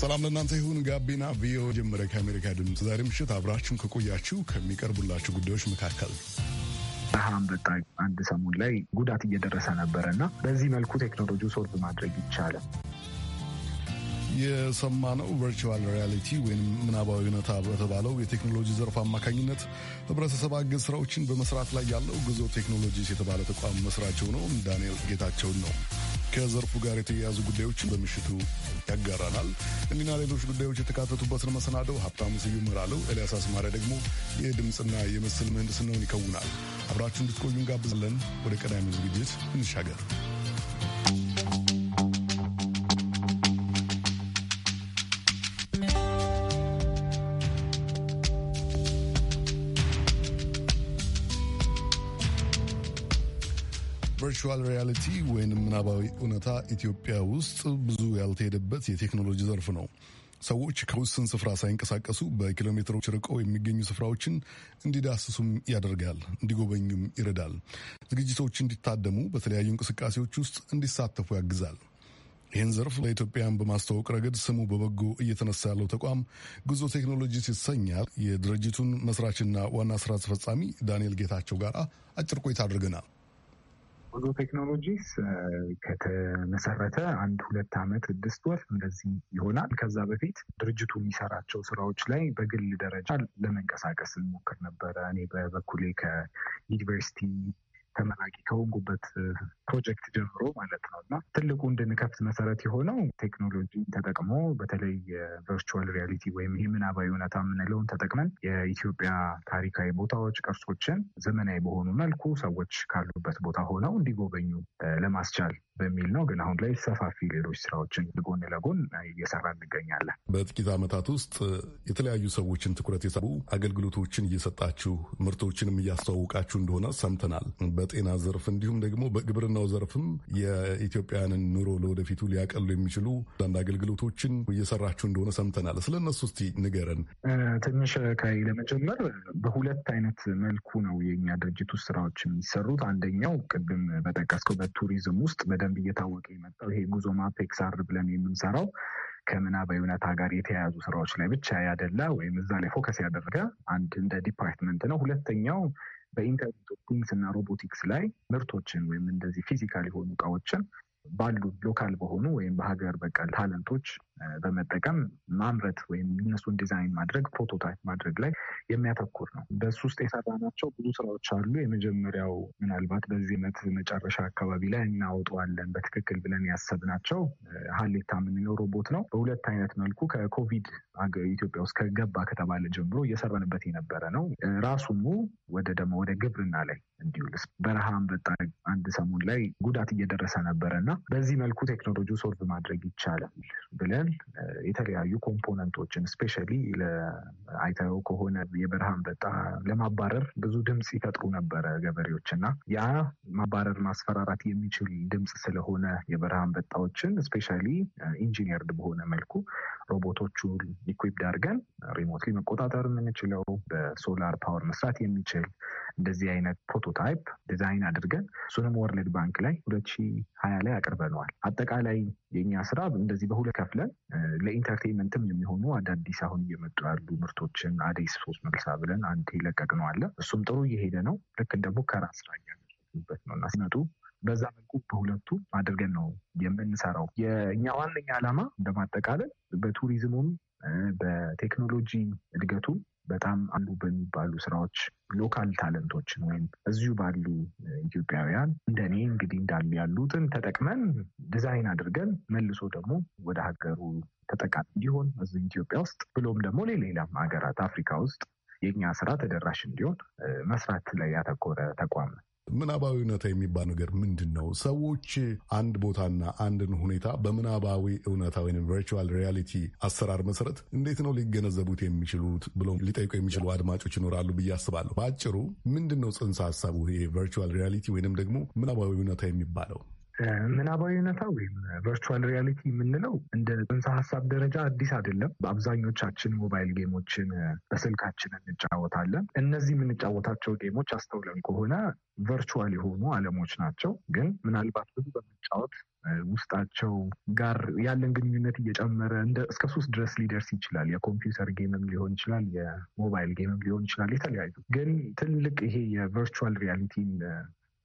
ሰላም ለእናንተ ይሁን። ጋቢና ቪዮ ጀመረ። ከአሜሪካ ድምፅ ዛሬ ምሽት አብራችሁን ከቆያችሁ ከሚቀርቡላችሁ ጉዳዮች መካከል አንበጣ አንድ ሰሞን ላይ ጉዳት እየደረሰ ነበረ እና በዚህ መልኩ ቴክኖሎጂ ሶልቭ ማድረግ ይቻላል። የሰማነው ቨርቹዋል ሪያሊቲ ወይም ምናባዊ እውነታ በተባለው የቴክኖሎጂ ዘርፍ አማካኝነት ህብረተሰብ አገዝ ስራዎችን በመስራት ላይ ያለው ጉዞ ቴክኖሎጂስ የተባለ ተቋም መስራች የሆነውን ዳንኤል ጌታቸውን ነው። ከዘርፉ ጋር የተያያዙ ጉዳዮችን በምሽቱ ያጋራናል። እኒና ሌሎች ጉዳዮች የተካተቱበትን መሰናደው ሀብታሙ ስዩ ምራለው፣ ኤልያስ አስማሪያ ደግሞ የድምፅና የምስል ምህንድስናውን ይከውናል። አብራችሁ እንድትቆዩ እንጋብዛለን። ወደ ቀዳሚ ዝግጅት እንሻገር። ቨርቹዋል ሪያሊቲ ወይንም ምናባዊ እውነታ ኢትዮጵያ ውስጥ ብዙ ያልተሄደበት የቴክኖሎጂ ዘርፍ ነው። ሰዎች ከውስን ስፍራ ሳይንቀሳቀሱ በኪሎ ሜትሮች ርቆ የሚገኙ ስፍራዎችን እንዲዳስሱም ያደርጋል፣ እንዲጎበኙም ይረዳል። ዝግጅቶች እንዲታደሙ፣ በተለያዩ እንቅስቃሴዎች ውስጥ እንዲሳተፉ ያግዛል። ይህን ዘርፍ ለኢትዮጵያን በማስተዋወቅ ረገድ ስሙ በበጎ እየተነሳ ያለው ተቋም ጉዞ ቴክኖሎጂስ ይሰኛል። የድርጅቱን መስራችና ዋና ስራ አስፈጻሚ ዳንኤል ጌታቸው ጋር አጭር ቆይታ አድርገናል። ጉዞ ቴክኖሎጂስ ከተመሰረተ አንድ ሁለት ዓመት ስድስት ወር እንደዚህ ይሆናል። ከዛ በፊት ድርጅቱ የሚሰራቸው ስራዎች ላይ በግል ደረጃ ለመንቀሳቀስ እንሞክር ነበረ። እኔ በበኩሌ ከዩኒቨርሲቲ ተመራቂ ከወንጉበት ፕሮጀክት ጀምሮ ማለት ነው እና ትልቁ እንድንከፍት መሰረት የሆነው ቴክኖሎጂ ተጠቅሞ በተለይ የቨርቹዋል ሪያሊቲ ወይም ይህ ምናባዊ እውነታ የምንለውን ተጠቅመን የኢትዮጵያ ታሪካዊ ቦታዎች፣ ቅርሶችን ዘመናዊ በሆኑ መልኩ ሰዎች ካሉበት ቦታ ሆነው እንዲጎበኙ ለማስቻል በሚል ነው። ግን አሁን ላይ ሰፋፊ ሌሎች ስራዎችን ጎን ለጎን እየሰራ እንገኛለን። በጥቂት ዓመታት ውስጥ የተለያዩ ሰዎችን ትኩረት የሳቡ አገልግሎቶችን እየሰጣችሁ ምርቶችንም እያስተዋወቃችሁ እንደሆነ ሰምተናል። በጤና ዘርፍ እንዲሁም ደግሞ በግብርናው ዘርፍም የኢትዮጵያውያንን ኑሮ ለወደፊቱ ሊያቀሉ የሚችሉ አንዳንድ አገልግሎቶችን እየሰራችሁ እንደሆነ ሰምተናል። ስለ እነሱ እስቲ ንገረን ትንሽ። ከይ ለመጀመር በሁለት አይነት መልኩ ነው የኛ ድርጅት ውስጥ ስራዎች የሚሰሩት። አንደኛው ቅድም በጠቀስከው በቱሪዝም ውስጥ በደ በደንብ እየታወቀ የመጣው ይሄ ጉዞ ማፕ ኤክሳር ብለን የምንሰራው ከምናባዊ እውነታ ጋር የተያያዙ ስራዎች ላይ ብቻ ያደለ ወይም እዛ ላይ ፎከስ ያደረገ አንድ እንደ ዲፓርትመንት ነው። ሁለተኛው በኢንተርኔት ኦፍ ቲንግስ እና ሮቦቲክስ ላይ ምርቶችን ወይም እንደዚህ ፊዚካል የሆኑ እቃዎችን ባሉ ሎካል በሆኑ ወይም በሀገር በቀል ታለንቶች በመጠቀም ማምረት ወይም እነሱን ዲዛይን ማድረግ ፕሮቶታይፕ ማድረግ ላይ የሚያተኩር ነው። በሱ ውስጥ የሰራናቸው ብዙ ስራዎች አሉ። የመጀመሪያው ምናልባት በዚህ መት መጨረሻ አካባቢ ላይ እናወጣዋለን በትክክል ብለን ያሰብናቸው ሀሌታ የምንለው ሮቦት ነው። በሁለት አይነት መልኩ ከኮቪድ ኢትዮጵያ ውስጥ ከገባ ከተባለ ጀምሮ እየሰራንበት የነበረ ነው። ራሱኑ ወደ ደግሞ ወደ ግብርና ላይ እንዲውልስ በረሃ አንበጣ አንድ ሰሞን ላይ ጉዳት እየደረሰ ነበረ እና በዚህ መልኩ ቴክኖሎጂ ሶልቭ ማድረግ ይቻላል ብለን የተለያዩ ኮምፖነንቶችን ስፔሻሊ ለአይተው ከሆነ የበረሃ አንበጣ ለማባረር ብዙ ድምፅ ይፈጥሩ ነበረ ገበሬዎች እና ያ ማባረር ማስፈራራት የሚችል ድምፅ ስለሆነ የበረሃ አንበጣዎችን ስፔሻሊ ኢንጂነርድ በሆነ መልኩ ሮቦቶቹ ኢኩዊፕድ አድርገን ሪሞትሊ መቆጣጠር የምንችለው በሶላር ፓወር መስራት የሚችል እንደዚህ አይነት ፕሮቶታይፕ ዲዛይን አድርገን እሱንም ወርልድ ባንክ ላይ ሁለት ሺ ሀያ ላይ አቅርበነዋል። አጠቃላይ የእኛ ስራ እንደዚህ በሁለት ከፍለን ለኢንተርቴንመንትም የሚሆኑ አዳዲስ አሁን እየመጡ ያሉ ምርቶችን አዲስ ሶስት መልሳ ብለን አንድ ይለቀቅነው አለ። እሱም ጥሩ እየሄደ ነው። ልክ እንደ ሙከራ ስራ እያደረጉበት ነው እና ሲመጡ በዛ መልኩ በሁለቱ አድርገን ነው የምንሰራው። የእኛ ዋነኛ ዓላማ እንደማጠቃለል በቱሪዝሙም በቴክኖሎጂ እድገቱም በጣም አሉ በሚባሉ ስራዎች ሎካል ታለንቶችን ወይም እዚሁ ባሉ ኢትዮጵያውያን እንደኔ እንግዲህ እንዳሉ ያሉትን ተጠቅመን ዲዛይን አድርገን መልሶ ደግሞ ወደ ሀገሩ ተጠቃሚ እንዲሆን እዚህ ኢትዮጵያ ውስጥ ብሎም ደግሞ ሌላም ሀገራት አፍሪካ ውስጥ የእኛ ስራ ተደራሽ እንዲሆን መስራት ላይ ያተኮረ ተቋም ነው። እውነታ የሚባል ነገር ምንድን ነው? ሰዎች አንድ ቦታና አንድን ሁኔታ በምናባዊ እውነታ ወይም ቨርቹዋል ሪያሊቲ አሰራር መሰረት እንዴት ነው ሊገነዘቡት የሚችሉት ብለው ሊጠይቁ የሚችሉ አድማጮች ይኖራሉ ብዬ አስባለሁ። በአጭሩ ምንድን ነው ጽንሰ ሀሳቡ ይሄ ቨርቹዋል ሪያሊቲ ወይንም ደግሞ ምናባዊ እውነታ የሚባለው? ምናባዊ እውነታ ወይም ቨርቹዋል ሪያሊቲ የምንለው እንደ ጽንሰ ሀሳብ ደረጃ አዲስ አይደለም። በአብዛኞቻችን ሞባይል ጌሞችን በስልካችን እንጫወታለን። እነዚህ የምንጫወታቸው ጌሞች አስተውለን ከሆነ ቨርቹዋል የሆኑ አለሞች ናቸው። ግን ምናልባት ብዙ በመጫወት ውስጣቸው ጋር ያለን ግንኙነት እየጨመረ እስከ ሶስት ድረስ ሊደርስ ይችላል። የኮምፒውተር ጌምም ሊሆን ይችላል፣ የሞባይል ጌምም ሊሆን ይችላል። የተለያዩ ግን ትልቅ ይሄ የቨርቹዋል ሪያሊቲን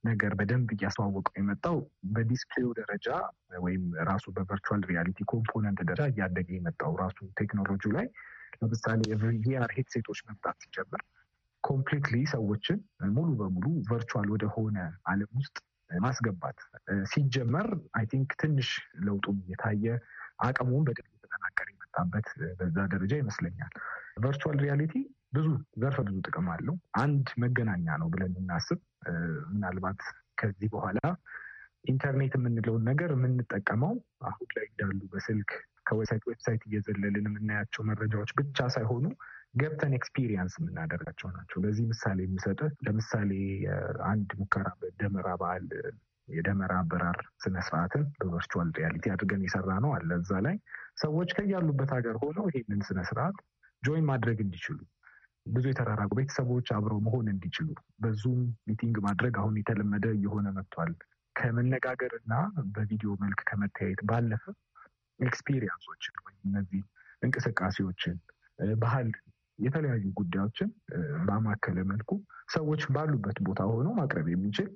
ነገር በደንብ እያስተዋወቀው የመጣው በዲስፕሌው ደረጃ ወይም ራሱ በቨርቹዋል ሪያሊቲ ኮምፖነንት ደረጃ እያደገ የመጣው ራሱ ቴክኖሎጂ ላይ ለምሳሌ ቪአር ሄድሴቶች መምጣት ሲጀምር ኮምፕሊትሊ ሰዎችን ሙሉ በሙሉ ቨርቹዋል ወደሆነ አለም ውስጥ ማስገባት ሲጀመር አይ ቲንክ ትንሽ ለውጡም የታየ አቅሙን በደንብ የተጠናከረ የመጣበት በዛ ደረጃ ይመስለኛል። ቨርቹዋል ሪያሊቲ ብዙ ዘርፈ ብዙ ጥቅም አለው። አንድ መገናኛ ነው ብለን እናስብ። ምናልባት ከዚህ በኋላ ኢንተርኔት የምንለውን ነገር የምንጠቀመው አሁን ላይ እንዳሉ በስልክ ከዌብሳይት ዌብሳይት እየዘለልን የምናያቸው መረጃዎች ብቻ ሳይሆኑ ገብተን ኤክስፒሪየንስ የምናደርጋቸው ናቸው። ለዚህ ምሳሌ የምሰጥ ለምሳሌ አንድ ሙከራ በደመራ በዓል የደመራ አበራር ስነስርዓትን በቨርቹዋል ሪያሊቲ አድርገን የሰራ ነው አለ። እዛ ላይ ሰዎች ከያሉበት ሀገር ሆነው ይህንን ስነስርዓት ጆይን ማድረግ እንዲችሉ ብዙ የተራራቁ ቤተሰቦች አብረው መሆን እንዲችሉ በዙም ሚቲንግ ማድረግ አሁን የተለመደ እየሆነ መጥቷል። ከመነጋገር እና በቪዲዮ መልክ ከመተያየት ባለፈ ኤክስፒሪየንሶችን ወይም እነዚህ እንቅስቃሴዎችን፣ ባህል፣ የተለያዩ ጉዳዮችን ባማከለ መልኩ ሰዎች ባሉበት ቦታ ሆኖ ማቅረብ የሚችል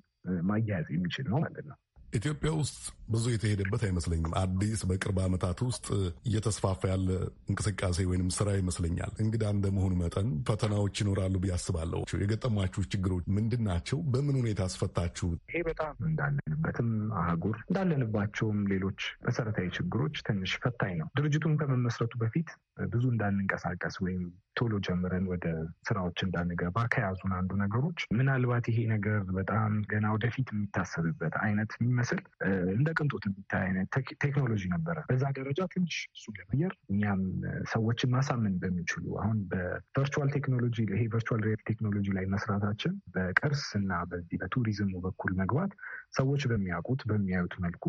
ማያያዝ የሚችል ነው ማለት ነው። ኢትዮጵያ ውስጥ ብዙ የተሄደበት አይመስለኝም። አዲስ በቅርብ ዓመታት ውስጥ እየተስፋፋ ያለ እንቅስቃሴ ወይንም ስራ ይመስለኛል። እንግዳ እንደመሆኑ መጠን ፈተናዎች ይኖራሉ ብዬ አስባለሁ። የገጠሟችሁ ችግሮች ምንድን ናቸው? በምን ሁኔታ አስፈታችሁ? ይሄ በጣም እንዳለንበትም አህጉር እንዳለንባቸውም ሌሎች መሰረታዊ ችግሮች ትንሽ ፈታኝ ነው። ድርጅቱን ከመመስረቱ በፊት ብዙ እንዳንንቀሳቀስ ወይም ቶሎ ጀምረን ወደ ስራዎች እንዳንገባ ከያዙን አንዱ ነገሮች ምናልባት ይሄ ነገር በጣም ገና ወደፊት የሚታሰብበት አይነት የሚመስል እንደ ቅንጦት የሚታይ አይነት ቴክኖሎጂ ነበረ። በዛ ደረጃ ትንሽ እሱ ለመየር እኛም ሰዎችን ማሳመን በሚችሉ አሁን በቨርቹዋል ቴክኖሎጂ ይሄ ቨርቹዋል ሪያል ቴክኖሎጂ ላይ መስራታችን በቅርስ እና በዚህ በቱሪዝሙ በኩል መግባት ሰዎች በሚያውቁት በሚያዩት መልኩ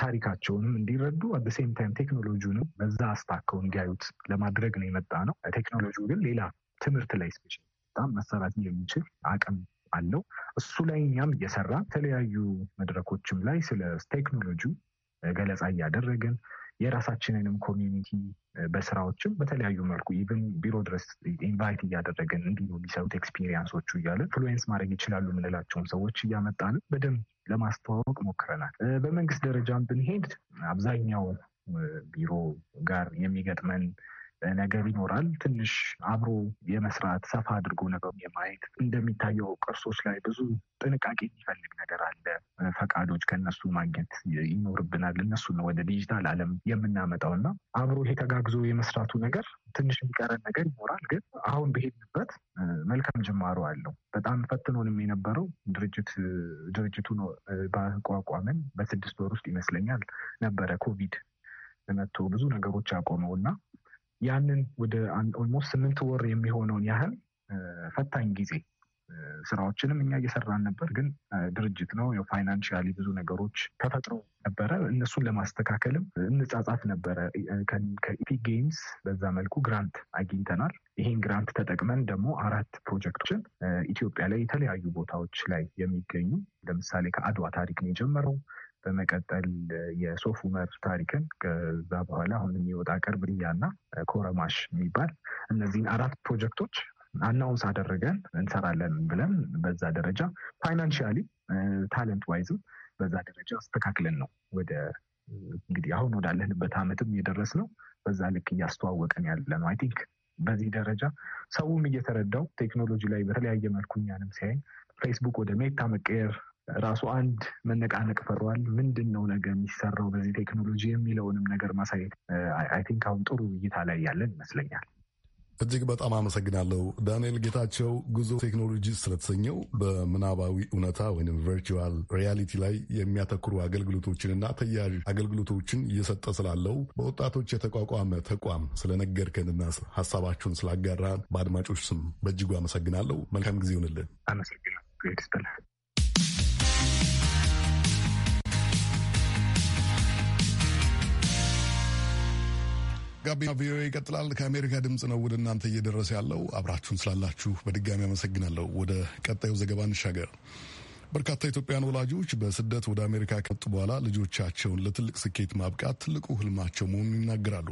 ታሪካቸውንም እንዲረዱ አት ሴም ታይም ቴክኖሎጂውንም በዛ አስታከው እንዲያዩት ለማድረግ ነው የመጣ ነው። ቴክኖሎጂው ግን ሌላ ትምህርት ላይ ስፔሻል በጣም መሰራት የሚችል አቅም አለው። እሱ ላይ እኛም እየሰራ የተለያዩ መድረኮችም ላይ ስለ ቴክኖሎጂ ገለጻ እያደረግን የራሳችንንም ኮሚኒቲ በስራዎችም በተለያዩ መልኩ ኢቨን ቢሮ ድረስ ኢንቫይት እያደረገን እንዲ ነው የሚሰሩት ኤክስፒሪየንሶቹ እያለን ፍሉዌንስ ማድረግ ይችላሉ የምንላቸውን ሰዎች እያመጣን በደንብ ለማስተዋወቅ ሞክረናል። በመንግስት ደረጃም ብንሄድ አብዛኛው ቢሮ ጋር የሚገጥመን ነገር ይኖራል። ትንሽ አብሮ የመስራት ሰፋ አድርጎ ነገሩ የማየት እንደሚታየው ቅርሶች ላይ ብዙ ጥንቃቄ የሚፈልግ ነገር አለ። ፈቃዶች ከነሱ ማግኘት ይኖርብናል። እነሱን ወደ ዲጂታል ዓለም የምናመጣው እና አብሮ ይሄ ተጋግዞ የመስራቱ ነገር ትንሽ የሚቀረን ነገር ይኖራል። ግን አሁን በሄድንበት መልካም ጅማሮ አለው። በጣም ፈትኖንም የነበረው ድርጅት ድርጅቱን ባቋቋምን በስድስት ወር ውስጥ ይመስለኛል ነበረ ኮቪድ መጥቶ ብዙ ነገሮች አቆመው እና ያንን ወደ ኦልሞስት ስምንት ወር የሚሆነውን ያህል ፈታኝ ጊዜ ስራዎችንም እኛ እየሰራን ነበር። ግን ድርጅት ነው የፋይናንሽያሊ ብዙ ነገሮች ተፈጥሮ ነበረ። እነሱን ለማስተካከልም እንጻጻፍ ነበረ። ከኢፒ ጌምስ በዛ መልኩ ግራንት አግኝተናል። ይህን ግራንት ተጠቅመን ደግሞ አራት ፕሮጀክቶችን ኢትዮጵያ ላይ የተለያዩ ቦታዎች ላይ የሚገኙ ለምሳሌ ከአድዋ ታሪክ ነው የጀመረው በመቀጠል የሶፍ ውመር ታሪክን ከዛ በኋላ አሁን የሚወጣ ቅርብ እና ኮረማሽ የሚባል እነዚህን አራት ፕሮጀክቶች አናውንስ አደረገን እንሰራለን ብለን በዛ ደረጃ ፋይናንሽያሊ ታለንት ዋይዝም በዛ ደረጃ አስተካክለን ነው ወደ እንግዲህ አሁን ወዳለንበት አመትም የደረስ ነው። በዛ ልክ እያስተዋወቀን ያለ ነው። አይ ቲንክ በዚህ ደረጃ ሰውም እየተረዳው ቴክኖሎጂ ላይ በተለያየ መልኩ እኛንም ሲያይ ፌስቡክ ወደ ሜታ መቀየር ራሱ አንድ መነቃነቅ ፈጥሯል። ምንድን ነው ነገ የሚሰራው በዚህ ቴክኖሎጂ የሚለውንም ነገር ማሳየት አይ ቲንክ አሁን ጥሩ እይታ ላይ ያለን ይመስለኛል። እጅግ በጣም አመሰግናለሁ ዳንኤል ጌታቸው። ጉዞ ቴክኖሎጂ ስለተሰኘው በምናባዊ እውነታ ወይም ቨርቹዋል ሪያሊቲ ላይ የሚያተኩሩ አገልግሎቶችንና ተያዥ አገልግሎቶችን እየሰጠ ስላለው በወጣቶች የተቋቋመ ተቋም ስለነገርከንና ሀሳባችሁን ስላጋራን በአድማጮች ስም በእጅጉ አመሰግናለሁ። መልካም ጊዜ ይሆንልን። አመሰግናለሁ። ጋቢና ቪኦኤ ይቀጥላል። ከአሜሪካ ድምፅ ነው ወደ እናንተ እየደረሰ ያለው። አብራችሁን ስላላችሁ በድጋሚ አመሰግናለሁ። ወደ ቀጣዩ ዘገባ እንሻገር። በርካታ ኢትዮጵያን ወላጆች በስደት ወደ አሜሪካ ከመጡ በኋላ ልጆቻቸውን ለትልቅ ስኬት ማብቃት ትልቁ ህልማቸው መሆኑን ይናገራሉ።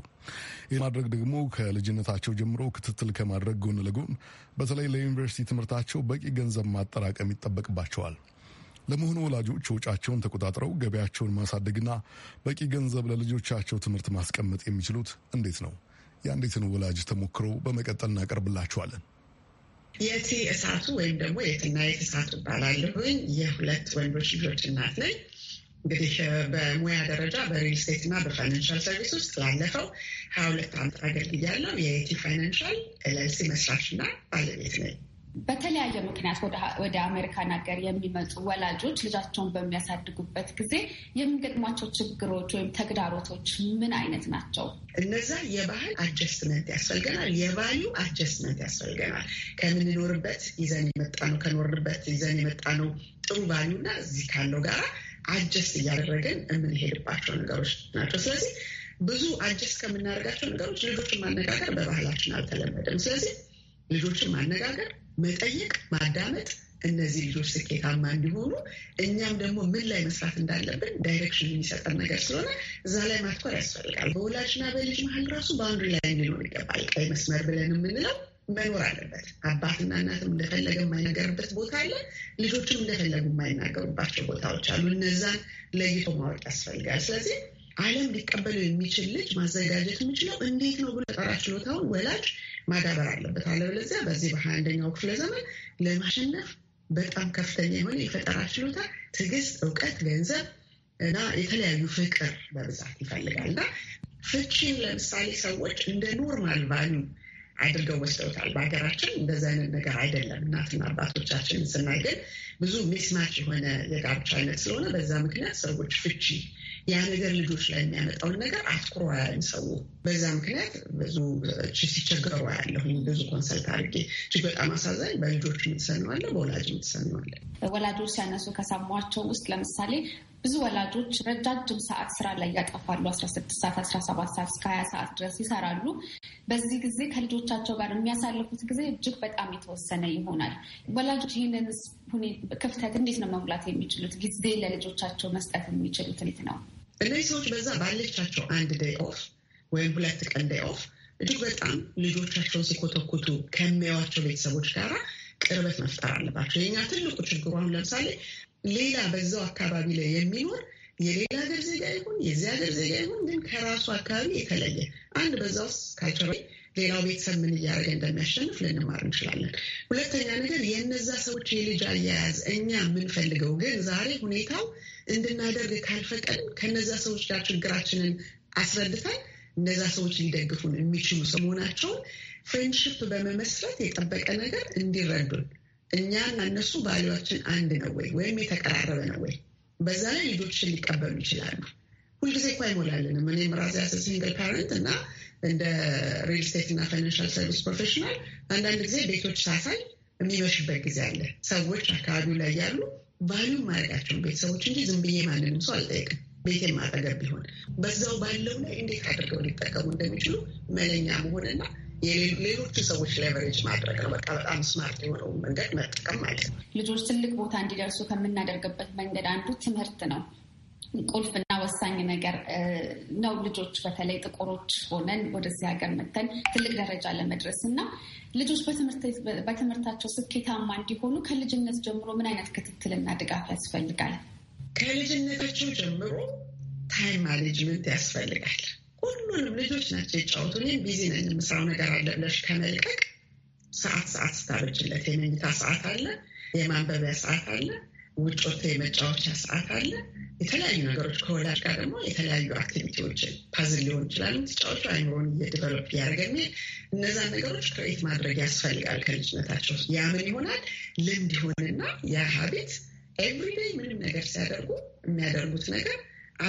ይህ ማድረግ ደግሞ ከልጅነታቸው ጀምሮ ክትትል ከማድረግ ጎን ለጎን በተለይ ለዩኒቨርሲቲ ትምህርታቸው በቂ ገንዘብ ማጠራቀም ይጠበቅባቸዋል። ለመሆኑ ወላጆች ወጫቸውን ተቆጣጥረው ገበያቸውን ማሳደግና በቂ ገንዘብ ለልጆቻቸው ትምህርት ማስቀመጥ የሚችሉት እንዴት ነው? የአንዲትን ወላጅ ተሞክሮ በመቀጠል እናቀርብላችኋለን። የቲ እሳቱ ወይም ደግሞ የትና የት እሳቱ እባላለሁኝ። የሁለት ወንዶች ልጆች እናት ነኝ። እንግዲህ በሙያ ደረጃ በሪል ስቴት እና በፋይናንሻል ሰርቪስ ውስጥ ላለፈው ሀያ ሁለት ዓመት አገልግያለሁ። የቲ ፋይናንሻል ኤልኤልሲ መስራች እና ባለቤት ነኝ። በተለያየ ምክንያት ወደ አሜሪካን ሀገር የሚመጡ ወላጆች ልጃቸውን በሚያሳድጉበት ጊዜ የሚገጥሟቸው ችግሮች ወይም ተግዳሮቶች ምን አይነት ናቸው? እነዛ የባህል አጀስትመንት ያስፈልገናል። የቫሊዩ አጀስትመንት ያስፈልገናል። ከምንኖርበት ይዘን የመጣ ነው ከኖርንበት ይዘን የመጣ ነው ጥሩ ቫሊዩ እና እዚህ ካለው ጋራ አጀስት እያደረገን የምንሄድባቸው ነገሮች ናቸው። ስለዚህ ብዙ አጀስት ከምናደርጋቸው ነገሮች ልጆችን ማነጋገር በባህላችን አልተለመደም። ስለዚህ ልጆችን ማነጋገር፣ መጠየቅ፣ ማዳመጥ እነዚህ ልጆች ስኬታማ እንዲሆኑ እኛም ደግሞ ምን ላይ መስራት እንዳለብን ዳይሬክሽን የሚሰጠን ነገር ስለሆነ እዛ ላይ ማትኮር ያስፈልጋል። በወላጅና በልጅ መሀል ራሱ በአንዱ ላይ የሚኖር ይገባል። ቀይ መስመር ብለን የምንለው መኖር አለበት። አባትና እናትም እንደፈለገ የማይነገርበት ቦታ አለ። ልጆችም እንደፈለጉ የማይናገሩባቸው ቦታዎች አሉ። እነዛን ለይቶ ማወቅ ያስፈልጋል። ስለዚህ ዓለም ሊቀበለው የሚችል ልጅ ማዘጋጀት የሚችለው እንዴት ነው ብሎ የጠራ ችሎታውን ወላጅ ማዳበር አለበት። አለበለዚያ በዚህ በሃያ አንደኛው ክፍለ ዘመን ለማሸነፍ በጣም ከፍተኛ የሆነ የፈጠራ ችሎታ፣ ትዕግስት፣ እውቀት፣ ገንዘብ እና የተለያዩ ፍቅር በብዛት ይፈልጋል እና ፍቺን ለምሳሌ ሰዎች እንደ ኖርማል ቫሉ አድርገው ወስደውታል። በሀገራችን እንደዚ አይነት ነገር አይደለም። እናትና አባቶቻችን ስናይ ግን ብዙ ሚስማች የሆነ የጋብቻነት ስለሆነ በዛ ምክንያት ሰዎች ፍቺ ያ ነገር ልጆች ላይ የሚያመጣውን ነገር አትኩሮ አያይም ሰው። በዛ ምክንያት ብዙ ሲቸገሩ ያለሁኝ ብዙ ኮንሰልት አድርጌ እጅግ በጣም አሳዛኝ በልጆች የምትሰነዋለ በወላጅ የምትሰነዋለ ወላጆች ሲያነሱ ከሰሟቸው ውስጥ ለምሳሌ ብዙ ወላጆች ረጃጅም ሰዓት ስራ ላይ ያጠፋሉ። 16 ሰዓት፣ 17 ሰዓት እስከ 20 ሰዓት ድረስ ይሰራሉ። በዚህ ጊዜ ከልጆቻቸው ጋር የሚያሳልፉት ጊዜ እጅግ በጣም የተወሰነ ይሆናል። ወላጆች ይህንን ክፍተት እንዴት ነው መሙላት የሚችሉት? ጊዜ ለልጆቻቸው መስጠት የሚችሉት እንዴት ነው? እነዚህ ሰዎች በዛ ባለቻቸው አንድ ደይ ኦፍ ወይም ሁለት ቀን ደይ ኦፍ እጅግ በጣም ልጆቻቸውን ሲኮተኩቱ ከሚያዋቸው ቤተሰቦች ጋር ቅርበት መፍጠር አለባቸው። የኛ ትልቁ ችግሩ አሁን ለምሳሌ ሌላ በዛው አካባቢ ላይ የሚኖር የሌላ ሀገር ዜጋ ይሁን የዚህ ሀገር ዜጋ ይሁን ግን ከራሱ አካባቢ የተለየ አንድ በዛ ውስጥ ካልቸራል ሌላው ቤተሰብ ምን እያደረገ እንደሚያሸንፍ ልንማር እንችላለን። ሁለተኛ ነገር የነዛ ሰዎች የልጅ አያያዝ እኛ የምንፈልገው ግን ዛሬ ሁኔታው እንድናደርግ ካልፈቀድን ከነዛ ሰዎች ጋር ችግራችንን አስረድተን እነዛ ሰዎች ሊደግፉን የሚችሉ መሆናቸውን ፍሬንድሽፕ በመመስረት የጠበቀ ነገር እንዲረዱን እኛና እነሱ ባህሪያችን አንድ ነው ወይ ወይም የተቀራረበ ነው ወይ፣ በዛ ላይ ልጆችን ሊቀበሉ ይችላሉ። ሁልጊዜ እኮ አይሞላልንም። እኔም ራሴ ሲንግል ፓረንት እና እንደ ሪል ስቴት እና ፋይናንሻል ሰርቪስ ፕሮፌሽናል አንዳንድ ጊዜ ቤቶች ሳሳይ የሚመሽበት ጊዜ አለ። ሰዎች አካባቢው ላይ ያሉ ባሉ ማድረጋቸውን ቤተሰቦች እንጂ ዝም ብዬ ማንንም ሰው አልጠየቅም። ቤቴን ማጠገብ ቢሆን በዛው ባለው ላይ እንዴት አድርገው ሊጠቀሙ እንደሚችሉ መለኛ መሆንና ሌሎቹ ሰዎች ሌቨሬጅ ማድረግ ነው። በቃ በጣም ስማርት የሆነው መንገድ መጠቀም ማለት ነው። ልጆች ትልቅ ቦታ እንዲደርሱ ከምናደርግበት መንገድ አንዱ ትምህርት ነው። ቁልፍና ወሳኝ ነገር ነው። ልጆች በተለይ ጥቁሮች ሆነን ወደዚህ ሀገር መተን ትልቅ ደረጃ ለመድረስ እና ልጆች በትምህርታቸው ስኬታማ እንዲሆኑ ከልጅነት ጀምሮ ምን አይነት ክትትልና ድጋፍ ያስፈልጋል? ከልጅነታቸው ጀምሮ ታይም ማኔጅመንት ያስፈልጋል። ሁሉንም ልጆች ናቸው የጫወቱ እኔም ቢዚ ነኝ የምስራው ነገር አለ ብለሽ ከመልቀቅ ሰዓት ሰዓት ስታበጅለት የመኝታ ሰዓት አለ፣ የማንበቢያ ሰዓት አለ ውጭ ወጥቶ የመጫወቻ ሰዓት አለ። የተለያዩ ነገሮች ከወላጅ ጋር ደግሞ የተለያዩ አክቲቪቲዎችን ፓዝል ሊሆን ይችላሉ። ተጫዋቹ አይምሮን እየደቨሎፕ ያደርገኝ እነዛ ነገሮች ከቤት ማድረግ ያስፈልጋል ከልጅነታቸው። ያ ምን ይሆናል ልምድ ይሆንና ያ ሀቤት ኤቭሪዴይ ምንም ነገር ሲያደርጉ የሚያደርጉት ነገር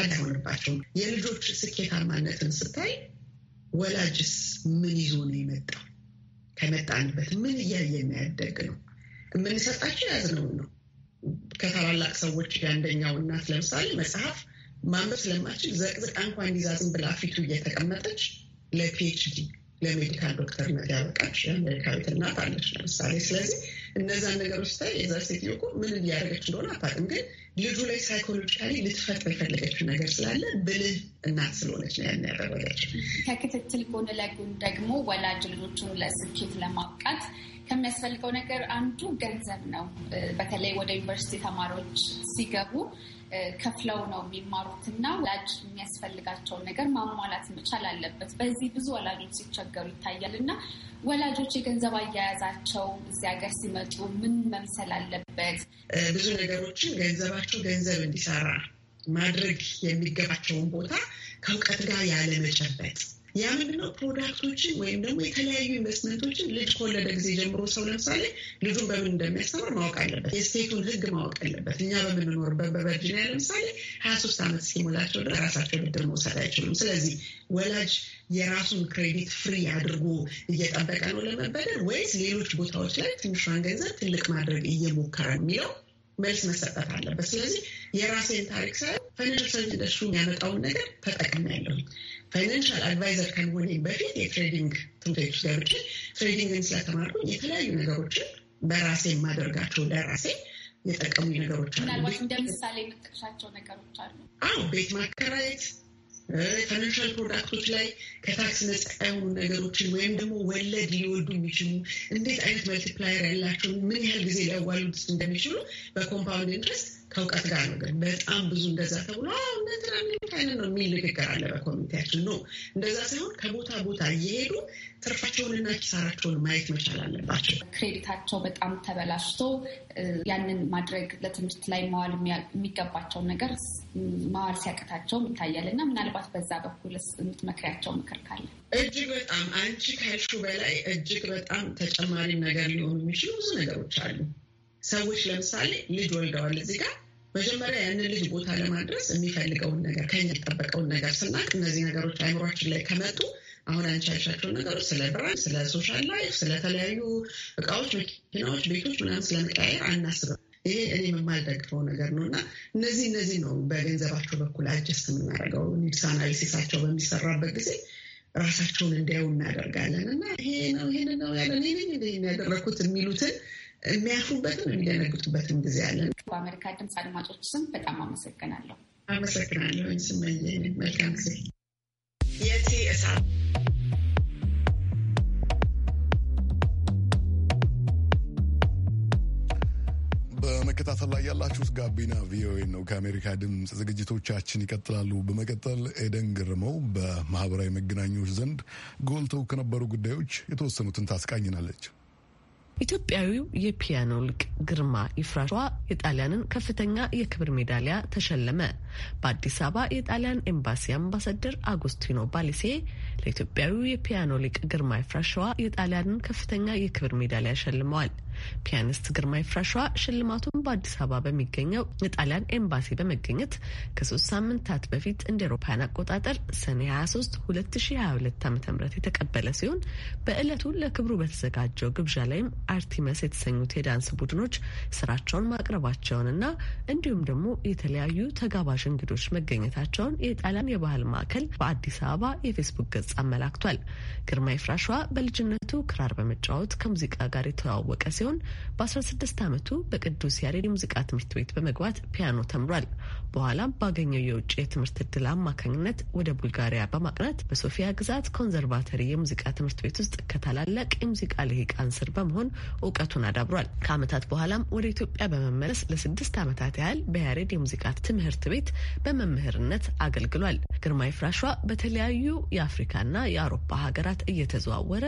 አድ አይሆንባቸውም። የልጆች ስኬታማነትን ስታይ ወላጅስ ምን ይዞ ነው የመጣው? ከመጣንበት ምን እያየ የሚያደግ ነው የምንሰጣቸው ያዝነውን ነው ከታላላቅ ሰዎች የአንደኛው እናት ለምሳሌ መጽሐፍ ማንበብ ስለማችል ዘቅዝቃ እንኳን ይዛዝን ብላ ፊቱ እየተቀመጠች ለፒኤችዲ ለሜዲካል ዶክተርነት ያበቃች የአሜሪካዊት እናት አለች ለምሳሌ። ስለዚህ እነዛን ነገሮች ስታይ የዛ ሴትዮ እኮ ምን እያደረገች እንደሆነ አታውቅም፣ ግን ልጁ ላይ ሳይኮሎጂካሊ ልትፈት የፈለገችው ነገር ስላለ ብልህ እናት ስለሆነች ነው ያን ያደረገች። ከክትትል ጎን ለጎን ደግሞ ወላጅ ልጆቹን ለስኬት ለማብቃት ከሚያስፈልገው ነገር አንዱ ገንዘብ ነው። በተለይ ወደ ዩኒቨርሲቲ ተማሪዎች ሲገቡ ከፍለው ነው የሚማሩት እና ወላጅ የሚያስፈልጋቸውን ነገር ማሟላት መቻል አለበት። በዚህ ብዙ ወላጆች ሲቸገሩ ይታያል እና ወላጆች የገንዘብ አያያዛቸው እዚህ ሀገር ሲመጡ ምን መምሰል አለበት? ብዙ ነገሮችን ገንዘባቸው ገንዘብ እንዲሰራ ማድረግ የሚገባቸውን ቦታ ከእውቀት ጋር ያለመጨበጥ ያ ምንድነው ፕሮዳክቶችን ወይም ደግሞ የተለያዩ ኢንቨስትመንቶችን ልጅ ከወለደ ጊዜ ጀምሮ ሰው ለምሳሌ ልጁን በምን እንደሚያስተምር ማወቅ አለበት። የስቴቱን ህግ ማወቅ አለበት። እኛ በምንኖርበት በቨርጂኒያ ለምሳሌ ሀያ ሶስት ዓመት እስኪሞላቸው ድረስ ራሳቸው ብድር መውሰድ አይችሉም። ስለዚህ ወላጅ የራሱን ክሬዲት ፍሪ አድርጎ እየጠበቀ ነው ለመበደር ወይስ ሌሎች ቦታዎች ላይ ትንሿን ገንዘብ ትልቅ ማድረግ እየሞከረ የሚለው መልስ መሰጠት አለበት። ስለዚህ የራሴን ታሪክ ሳይሆን ፈይናንሻል ኢንዱስትሪ የሚያመጣውን ነገር ተጠቅሜያለሁኝ ፋይናንሻል አድቫይዘር ከመሆኔ በፊት የትሬዲንግ ትምህርቶች ገብቼ ትሬዲንግን ስለተማርኩኝ የተለያዩ ነገሮችን በራሴ የማደርጋቸው ለራሴ የጠቀሙ ነገሮች አሉ። ምናልባት እንደ ምሳሌ ነገሮች አሉ? አዎ፣ ቤት ማከራየት፣ ፋይናንሻል ፕሮዳክቶች ላይ ከታክስ ነፃ የሆኑ ነገሮችን ወይም ደግሞ ወለድ ሊወዱ የሚችሉ እንዴት አይነት መልቲፕላየር ያላቸው ምን ያህል ጊዜ ሊያዋሉት እንደሚችሉ በኮምፓውንድ ኢንትረስት ከእውቀት ጋር ነው። ግን በጣም ብዙ እንደዛ ተብሎ እውነት አይነት ነው የሚል ንግግር አለ በኮሚኒቲያችን ነው። እንደዛ ሳይሆን ከቦታ ቦታ እየሄዱ ትርፋቸውንና ኪሳራቸውን ማየት መቻል አለባቸው። ክሬዲታቸው በጣም ተበላሽቶ ያንን ማድረግ ለትምህርት ላይ መዋል የሚገባቸውን ነገር መዋል ሲያቀታቸው ይታያል እና ምናልባት በዛ በኩል የምትመክሪያቸው ምክር ካለ እጅግ በጣም አንቺ ካልሹ በላይ እጅግ በጣም ተጨማሪ ነገር ሊሆኑ የሚችሉ ብዙ ነገሮች አሉ። ሰዎች ለምሳሌ ልጅ ወልደዋል እዚህ ጋር መጀመሪያ ያንን ልጅ ቦታ ለማድረስ የሚፈልገውን ነገር ከሚጠበቀውን ነገር ስናቅ እነዚህ ነገሮች አይምሯችን ላይ ከመጡ አሁን አንቺ ነገሮች ስለ ብራንድ፣ ስለ ሶሻል ላይፍ፣ ስለተለያዩ እቃዎች፣ መኪናዎች፣ ቤቶች ምናምን ስለመቀያየር አናስብም። ይሄ እኔ የማልደግፈው ነገር ነው እና እነዚህ እነዚህ ነው በገንዘባቸው በኩል አጀስት የምናደርገው ኒድስ አናሊሲሳቸው በሚሰራበት ጊዜ ራሳቸውን እንዲያዩ እናደርጋለን እና ይሄ ነው ይሄን ነው ያለን ይሄ ያደረግኩት የሚሉትን የሚያርፉበትም የሚደነግጡበትም ጊዜ አለን። በአሜሪካ ድምፅ አድማጮች ስም በጣም አመሰግናለሁ። አመሰግናለሁ። ስመኝህን መልካም ጊዜ የቲ እሳት በመከታተል ላይ ያላችሁት ጋቢና ቪኦኤ ነው። ከአሜሪካ ድምፅ ዝግጅቶቻችን ይቀጥላሉ። በመቀጠል ኤደን ግርመው በማህበራዊ መገናኛዎች ዘንድ ጎልተው ከነበሩ ጉዳዮች የተወሰኑትን ታስቃኝናለች። ኢትዮጵያዊው የፒያኖ ልቅ ግርማ ይፍራሸዋ የጣሊያንን ከፍተኛ የክብር ሜዳሊያ ተሸለመ። በአዲስ አበባ የጣሊያን ኤምባሲ አምባሳደር አጉስቲኖ ባሊሴ ለኢትዮጵያዊው የፒያኖ ልቅ ግርማ ይፍራሸዋ የጣሊያንን ከፍተኛ የክብር ሜዳሊያ ሸልመዋል። ፒያኒስት ግርማይ ፍራሿ ሽልማቱን በአዲስ አበባ በሚገኘው የጣሊያን ኤምባሲ በመገኘት ከሶስት ሳምንታት በፊት እንደ ኤሮፓያን አቆጣጠር ሰኔ 23 2022 ዓ ም የተቀበለ ሲሆን በዕለቱ ለክብሩ በተዘጋጀው ግብዣ ላይም አርቲመስ የተሰኙት የዳንስ ቡድኖች ስራቸውን ማቅረባቸውንና እንዲሁም ደግሞ የተለያዩ ተጋባዥ እንግዶች መገኘታቸውን የጣሊያን የባህል ማዕከል በአዲስ አበባ የፌስቡክ ገጽ አመላክቷል። ግርማይ ፍራሿ በልጅነቱ ክራር በመጫወት ከሙዚቃ ጋር የተዋወቀ ሲሆን ሲሆን በ16 ዓመቱ በቅዱስ ያሬድ የሙዚቃ ትምህርት ቤት በመግባት ፒያኖ ተምሯል። በኋላም ባገኘው የውጭ የትምህርት እድል አማካኝነት ወደ ቡልጋሪያ በማቅናት በሶፊያ ግዛት ኮንዘርቫተሪ የሙዚቃ ትምህርት ቤት ውስጥ ከታላላቅ የሙዚቃ ልሂቃን ስር በመሆን እውቀቱን አዳብሯል። ከዓመታት በኋላም ወደ ኢትዮጵያ በመመለስ ለስድስት ዓመታት ያህል በያሬድ የሙዚቃ ትምህርት ቤት በመምህርነት አገልግሏል። ግርማ ፍራሿ በተለያዩ የአፍሪካና የአውሮፓ ሀገራት እየተዘዋወረ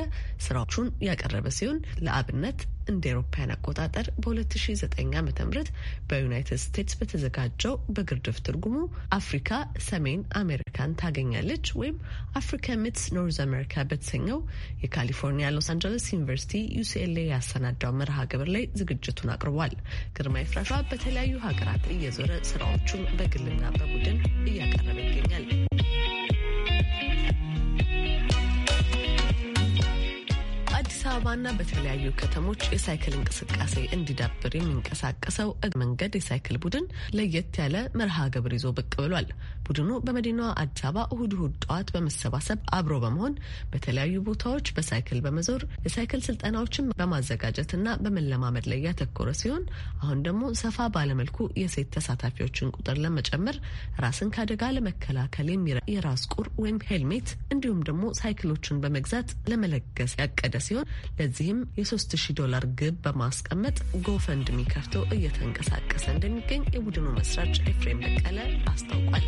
ስራዎቹን ያቀረበ ሲሆን ለአብነት እንደ ኤሮፓያን አቆጣጠር በ2009 ዓ ም በዩናይትድ ስቴትስ በተዘጋጀው በግርድፍ ትርጉሙ አፍሪካ ሰሜን አሜሪካን ታገኛለች ወይም አፍሪካ ሚትስ ኖርዝ አሜሪካ በተሰኘው የካሊፎርኒያ ሎስ አንጀለስ ዩኒቨርሲቲ ዩሲኤልኤ ያሰናዳው መርሃ ግብር ላይ ዝግጅቱን አቅርቧል። ግርማ ይፍራሿ በተለያዩ ሀገራት እየዞረ ስራዎቹን በግልና በቡድን እያቀረበ ይገኛል። አበባና በተለያዩ ከተሞች የሳይክል እንቅስቃሴ እንዲዳብር የሚንቀሳቀሰው መንገድ የሳይክል ቡድን ለየት ያለ መርሃ ግብር ይዞ ብቅ ብሏል። ቡድኑ በመዲናዋ አጃባ እሁድ እሁድ ጠዋት በመሰባሰብ አብሮ በመሆን በተለያዩ ቦታዎች በሳይክል በመዞር የሳይክል ስልጠናዎችን በማዘጋጀትና በመለማመድ ላይ ያተኮረ ሲሆን አሁን ደግሞ ሰፋ ባለመልኩ የሴት ተሳታፊዎችን ቁጥር ለመጨመር ራስን ከአደጋ ለመከላከል የሚረ የራስ ቁር ወይም ሄልሜት እንዲሁም ደግሞ ሳይክሎችን በመግዛት ለመለገስ ያቀደ ሲሆን ለዚህም የ3000 ዶላር ግብ በማስቀመጥ ጎፈንድሚ ከፍቶ እየተንቀሳቀሰ እንደሚገኝ የቡድኑ መስራች ኤፍሬም በቀለ አስታውቋል።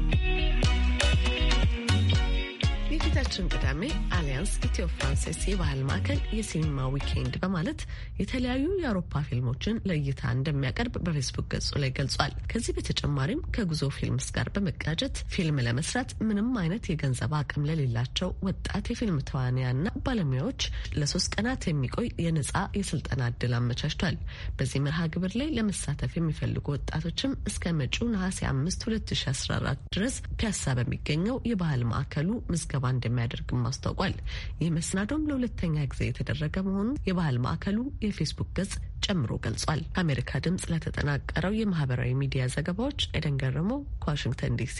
የፊታችን ቅዳሜ አሊያንስ ኢትዮ ፍራንሴስ የባህል ማዕከል የሲኒማ ዊኬንድ በማለት የተለያዩ የአውሮፓ ፊልሞችን ለእይታ እንደሚያቀርብ በፌስቡክ ገጹ ላይ ገልጿል። ከዚህ በተጨማሪም ከጉዞ ፊልምስ ጋር በመቀናጀት ፊልም ለመስራት ምንም አይነት የገንዘብ አቅም ለሌላቸው ወጣት የፊልም ተዋንያንና ባለሙያዎች ለሶስት ቀናት የሚቆይ የነጻ የስልጠና እድል አመቻችቷል። በዚህ መርሃ ግብር ላይ ለመሳተፍ የሚፈልጉ ወጣቶችም እስከ መጪው ነሐሴ አምስት ሁለት ሺ አስራ አራት ድረስ ፒያሳ በሚገኘው የባህል ማዕከሉ ምዝገባ እንደሚያደርግም አስታውቋል። ይህ መሰናዶም ለሁለተኛ ጊዜ የተደረገ መሆኑን የባህል ማዕከሉ የፌስቡክ ገጽ ጨምሮ ገልጿል። ከአሜሪካ ድምጽ ለተጠናቀረው የማህበራዊ ሚዲያ ዘገባዎች ኤደን ገረመው ከዋሽንግተን ዲሲ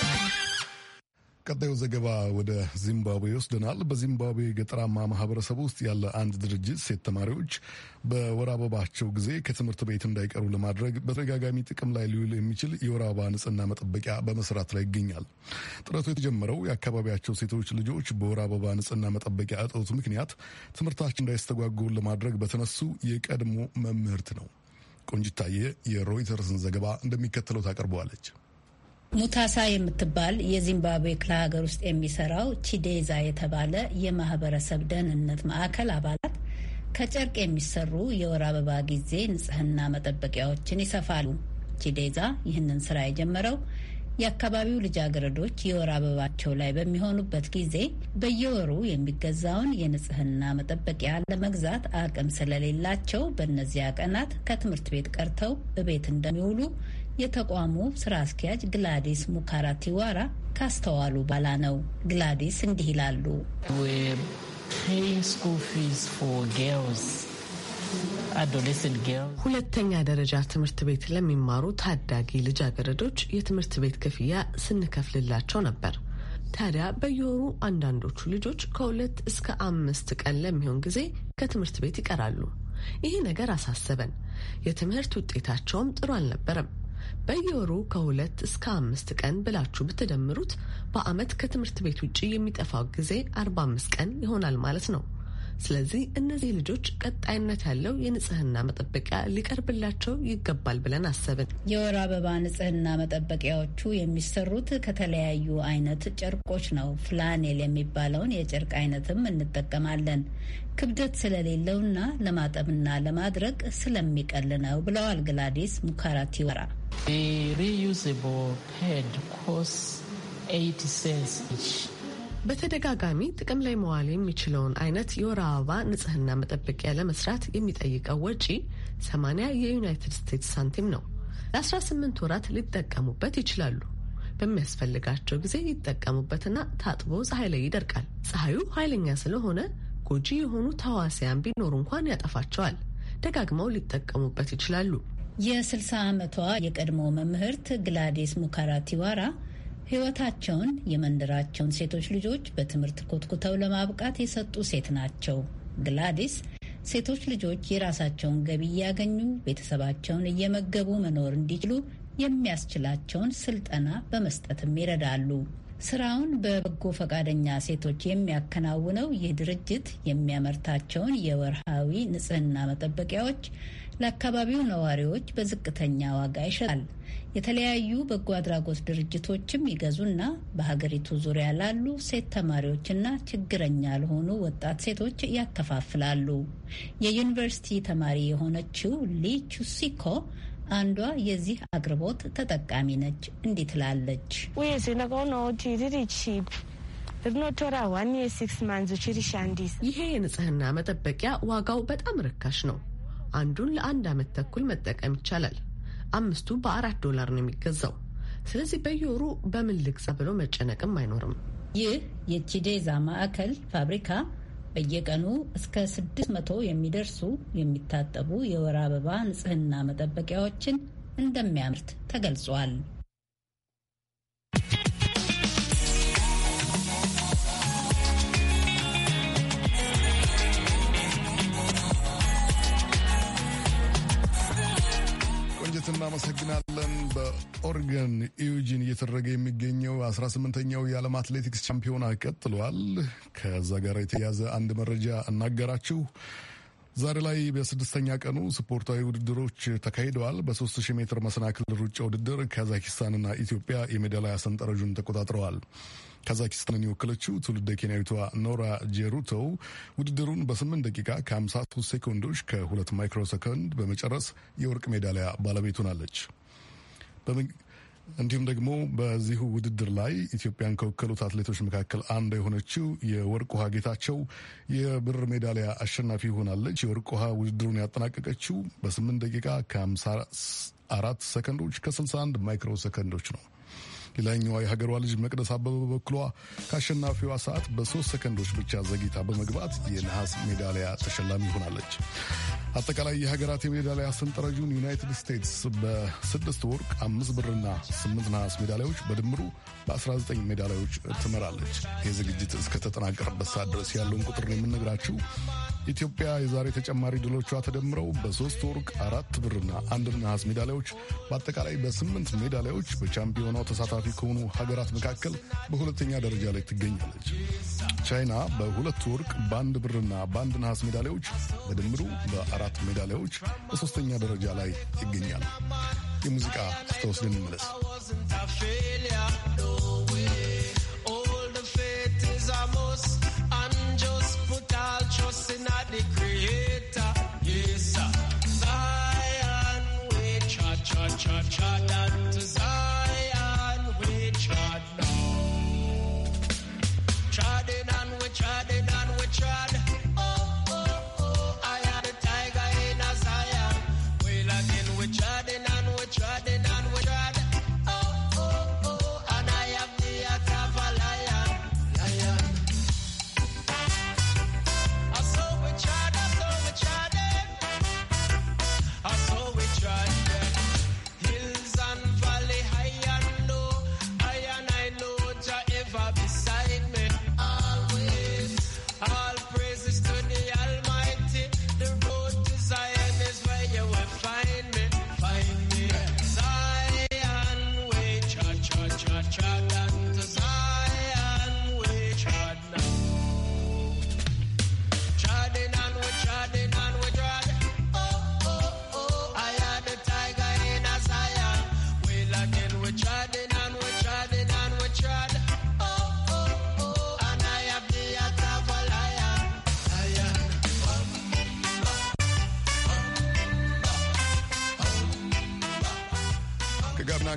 ቀጣዩ ዘገባ ወደ ዚምባብዌ ይወስደናል። በዚምባብዌ ገጠራማ ማህበረሰብ ውስጥ ያለ አንድ ድርጅት ሴት ተማሪዎች በወር አበባቸው ጊዜ ከትምህርት ቤት እንዳይቀሩ ለማድረግ በተደጋጋሚ ጥቅም ላይ ሊውል የሚችል የወር አበባ ንጽህና መጠበቂያ በመስራት ላይ ይገኛል። ጥረቱ የተጀመረው የአካባቢያቸው ሴቶች ልጆች በወር አበባ ንጽህና መጠበቂያ እጦት ምክንያት ትምህርታቸው እንዳይስተጓጎል ለማድረግ በተነሱ የቀድሞ መምህርት ነው። ቆንጅታዬ የሮይተርስን ዘገባ እንደሚከተለው ታቀርበዋለች። ሙታሳ የምትባል የዚምባብዌ ክፍለ ሀገር ውስጥ የሚሰራው ቺዴዛ የተባለ የማህበረሰብ ደህንነት ማዕከል አባላት ከጨርቅ የሚሰሩ የወር አበባ ጊዜ ንጽህና መጠበቂያዎችን ይሰፋሉ። ቺዴዛ ይህንን ስራ የጀመረው የአካባቢው ልጃገረዶች የወር አበባቸው ላይ በሚሆኑበት ጊዜ በየወሩ የሚገዛውን የንጽህና መጠበቂያ ለመግዛት አቅም ስለሌላቸው በእነዚያ ቀናት ከትምህርት ቤት ቀርተው እቤት እንደሚውሉ የተቋሙ ስራ አስኪያጅ ግላዲስ ሙካራቲዋራ ካስተዋሉ ባላ ነው። ግላዲስ እንዲህ ይላሉ። ሁለተኛ ደረጃ ትምህርት ቤት ለሚማሩ ታዳጊ ልጃገረዶች የትምህርት ቤት ክፍያ ስንከፍልላቸው ነበር። ታዲያ በየወሩ አንዳንዶቹ ልጆች ከሁለት እስከ አምስት ቀን ለሚሆን ጊዜ ከትምህርት ቤት ይቀራሉ። ይህ ነገር አሳሰበን። የትምህርት ውጤታቸውም ጥሩ አልነበረም። በየወሩ ከሁለት እስከ አምስት ቀን ብላችሁ ብትደምሩት በአመት ከትምህርት ቤት ውጭ የሚጠፋው ጊዜ አርባ አምስት ቀን ይሆናል ማለት ነው። ስለዚህ እነዚህ ልጆች ቀጣይነት ያለው የንጽህና መጠበቂያ ሊቀርብላቸው ይገባል ብለን አሰብን። የወር አበባ ንጽህና መጠበቂያዎቹ የሚሰሩት ከተለያዩ አይነት ጨርቆች ነው። ፍላኔል የሚባለውን የጨርቅ አይነትም እንጠቀማለን። ክብደት ስለሌለውና ለማጠብና ለማድረግ ስለሚቀል ነው ብለዋል ግላዲስ ሙካራቲወራ። ሪዩዝብል ፓድ ኮስ 80 ሴንትስ በተደጋጋሚ ጥቅም ላይ መዋል የሚችለውን አይነት የወር አበባ ንጽህና መጠበቂያ ለመስራት የሚጠይቀው ወጪ 80 የዩናይትድ ስቴትስ ሳንቲም ነው። ለ18 ወራት ሊጠቀሙበት ይችላሉ። በሚያስፈልጋቸው ጊዜ ይጠቀሙበትና ታጥቦ ፀሐይ ላይ ይደርቃል። ፀሐዩ ኃይለኛ ስለሆነ ጎጂ የሆኑ ተዋሲያን ቢኖሩ እንኳን ያጠፋቸዋል። ደጋግመው ሊጠቀሙበት ይችላሉ። የ60 ዓመቷ የቀድሞ መምህርት ግላዴስ ሙካራቲዋራ ሕይወታቸውን የመንደራቸውን ሴቶች ልጆች በትምህርት ኮትኩተው ለማብቃት የሰጡ ሴት ናቸው። ግላዲስ ሴቶች ልጆች የራሳቸውን ገቢ እያገኙ ቤተሰባቸውን እየመገቡ መኖር እንዲችሉ የሚያስችላቸውን ስልጠና በመስጠትም ይረዳሉ። ስራውን በበጎ ፈቃደኛ ሴቶች የሚያከናውነው ይህ ድርጅት የሚያመርታቸውን የወርሃዊ ንጽህና መጠበቂያዎች ለአካባቢው ነዋሪዎች በዝቅተኛ ዋጋ ይሸጣል። የተለያዩ በጎ አድራጎት ድርጅቶችም ይገዙና በሀገሪቱ ዙሪያ ላሉ ሴት ተማሪዎችና ችግረኛ ለሆኑ ወጣት ሴቶች ያከፋፍላሉ። የዩኒቨርሲቲ ተማሪ የሆነችው ሊ ቹሲኮ አንዷ የዚህ አቅርቦት ተጠቃሚ ነች። እንዲህ ትላለች። ይሄ የንጽህና መጠበቂያ ዋጋው በጣም ርካሽ ነው። አንዱን ለአንድ ዓመት ተኩል መጠቀም ይቻላል። አምስቱ በአራት ዶላር ነው የሚገዛው። ስለዚህ በየወሩ በምን ልግዛ ብሎ መጨነቅም አይኖርም። ይህ የቺዴዛ ማዕከል ፋብሪካ በየቀኑ እስከ 600 የሚደርሱ የሚታጠቡ የወር አበባ ንጽህና መጠበቂያዎችን እንደሚያምርት ተገልጿል። ቆንጅት እናመሰግናለን። በኦርገን ኢዩጂን እየተደረገ የሚገኘው 18ኛው የዓለም አትሌቲክስ ቻምፒዮና ቀጥሏል። ከዛ ጋር የተያያዘ አንድ መረጃ እናገራችሁ። ዛሬ ላይ በስድስተኛ ቀኑ ስፖርታዊ ውድድሮች ተካሂደዋል። በ3000 ሜትር መሰናክል ሩጫ ውድድር ካዛኪስታንና ኢትዮጵያ የሜዳሊያ ሰንጠረዡን ተቆጣጥረዋል። ካዛኪስታንን የወከለችው ትውልደ ኬንያዊቷ ኖራ ጄሩቶ ውድድሩን በ8 ደቂቃ ከ53 ሴኮንዶች ከ2 ማይክሮ ሰከንድ በመጨረስ የወርቅ ሜዳሊያ ባለቤት ሆናለች። እንዲሁም ደግሞ በዚሁ ውድድር ላይ ኢትዮጵያን ከወከሉት አትሌቶች መካከል አንዷ የሆነችው የወርቅ ውሃ ጌታቸው የብር ሜዳሊያ አሸናፊ ሆናለች። የወርቅ ውሃ ውድድሩን ያጠናቀቀችው በ8 ደቂቃ ከ54 ሰከንዶች ከ61 ማይክሮ ሰከንዶች ነው። ሌላኛዋ የሀገሯ ልጅ መቅደስ አበበ በበኩሏ ከአሸናፊዋ ሰዓት በሶስት ሰከንዶች ብቻ ዘግይታ በመግባት የነሐስ ሜዳሊያ ተሸላሚ ሆናለች። አጠቃላይ የሀገራት የሜዳሊያ ሰንጠረዡን ዩናይትድ ስቴትስ በስድስት ወርቅ፣ አምስት ብርና ስምንት ነሐስ ሜዳሊያዎች በድምሩ በ19 ሜዳሊያዎች ትመራለች። ይህ ዝግጅት እስከተጠናቀረበት ሰዓት ድረስ ያለውን ቁጥር ነው የምነግራችሁ። ኢትዮጵያ የዛሬ ተጨማሪ ድሎቿ ተደምረው በሶስት ወርቅ፣ አራት ብርና አንድ ነሐስ ሜዳሊያዎች በአጠቃላይ በስምንት ሜዳሊያዎች በቻምፒዮናው ተሳታፊ ተሳታፊ ከሆኑ ሀገራት መካከል በሁለተኛ ደረጃ ላይ ትገኛለች። ቻይና በሁለት ወርቅ፣ በአንድ ብርና በአንድ ነሐስ ሜዳሊያዎች በድምሩ በአራት ሜዳሊያዎች በሶስተኛ ደረጃ ላይ ይገኛል። የሙዚቃ አስተወስደን እንመለስ።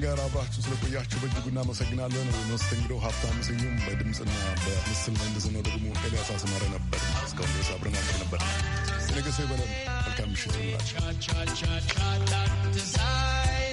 ጋር አብራችሁ ስለቆያችሁ በእጅጉ እናመሰግናለን። መስተንግዶ ሀብታም ስዩም፣ በድምፅና በምስል ምህንድስና ደግሞ ኤልያስ አስማረ ነበር። እስካሁን ድረስ አብረናችሁ ነበር። ነገ በለን መልካም ምሽት ይላቸው